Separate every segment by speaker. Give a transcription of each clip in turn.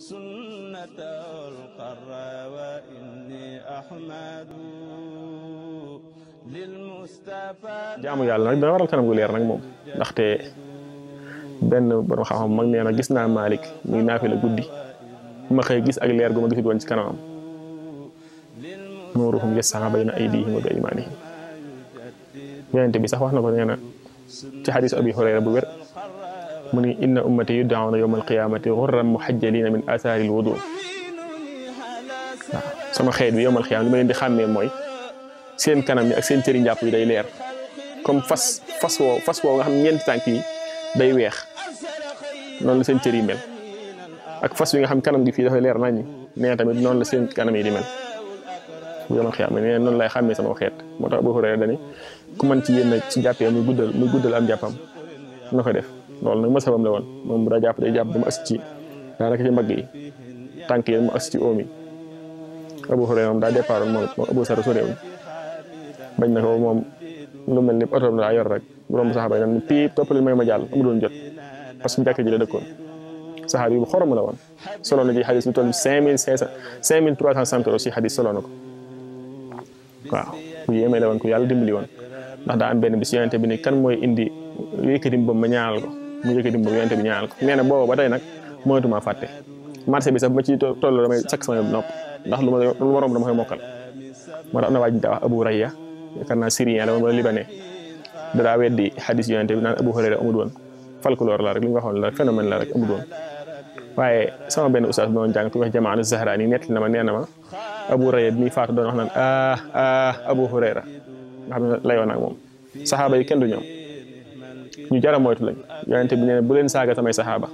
Speaker 1: سنة القرى وإني yàlla nag dana waral kanam gu leer nag moom ndaxte benn borom xam-xam mag nee na gis naa Malick muy naafila guddi ma xëy gis ak leer gu ma gisul woon ci kanamam nuuruhum yas'aa bayna aydiihim wa bi aymaanihim yonente sax wax na ko ci xadiis Abi Hurayra bu wér من إن أمتي يدعون يوم القيامة غرا محجلين من أثار الوضوء آه. سما خير يوم القيامة من دي خامي موي سين كانام اك سين تيري نياب داي لير كوم فاس فاس وو فاس وو غا خامي نينت تانكي داي ويخ نون لا سين تيري ميل اك فاس ويغا خامي كانام دي في دا لير ناني نيا تامي نون لا سين كانام دي ميل يوم القيامة نون لاي خامي سما خيت موتا ابو هريره داني كومانتي يين سي جابي مي غودال مي غودال ام جابام na koy def loolu nag masabam la woon moom bu daa jàpp day jàpp ba mu as ci daanaka ci mbagg yi tànk yi mu as ci oom yi Abu Hurayra moom daa départ moom moom Abu Sarr soreewul bañ na ko moom lu mel ni oto bi daa yor rek borom saxaaba yi naan piip toppali may ma jàll amu doon jot parce que jàkk ji la dëkkoon saxaaba yi bu xorom la woon solo na ci xadis lu toll cinq mille cinq cent cinq mille trois cent cent aussi xadis solo na ko waaw ku yéeme la woon ku yàlla dimbali woon ndax daa am benn bis yonente bi ni kan mooy indi yëkkati mbam ma ñaanal ko mu yëkkati mbam yonte bi ñaanal ko nee na booba ba tey nag mënatuma fàtte marché bi sax ma ci toll damay sakk sama nopp ndax lu ma lu ma romb dama koy mokkal na waa ji daa wax Abu Rayya yaakaar naa la moom wala libanais dadaa weddi xadis yonente bi naan Abu Hurayra amul woon folklore la rek li ñu waxoon la rek phénomène la rek amul woon waaye sama benn oustaz bi doon jàng ku wax jamaanu na na ma Abu Rayya bi muy faatu doon wax naan ah ah Abu Hurayra nga xam ne kenn du ñoom ñu jara moytu lañ yonente bi nee na bu leen saaga samay saxaaba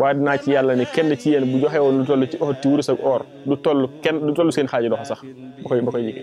Speaker 1: waaye dinaa ci yàlla ne kenn ci yéen joxe woon lu toll ci oxoti du toll kenn du toll sax ba koy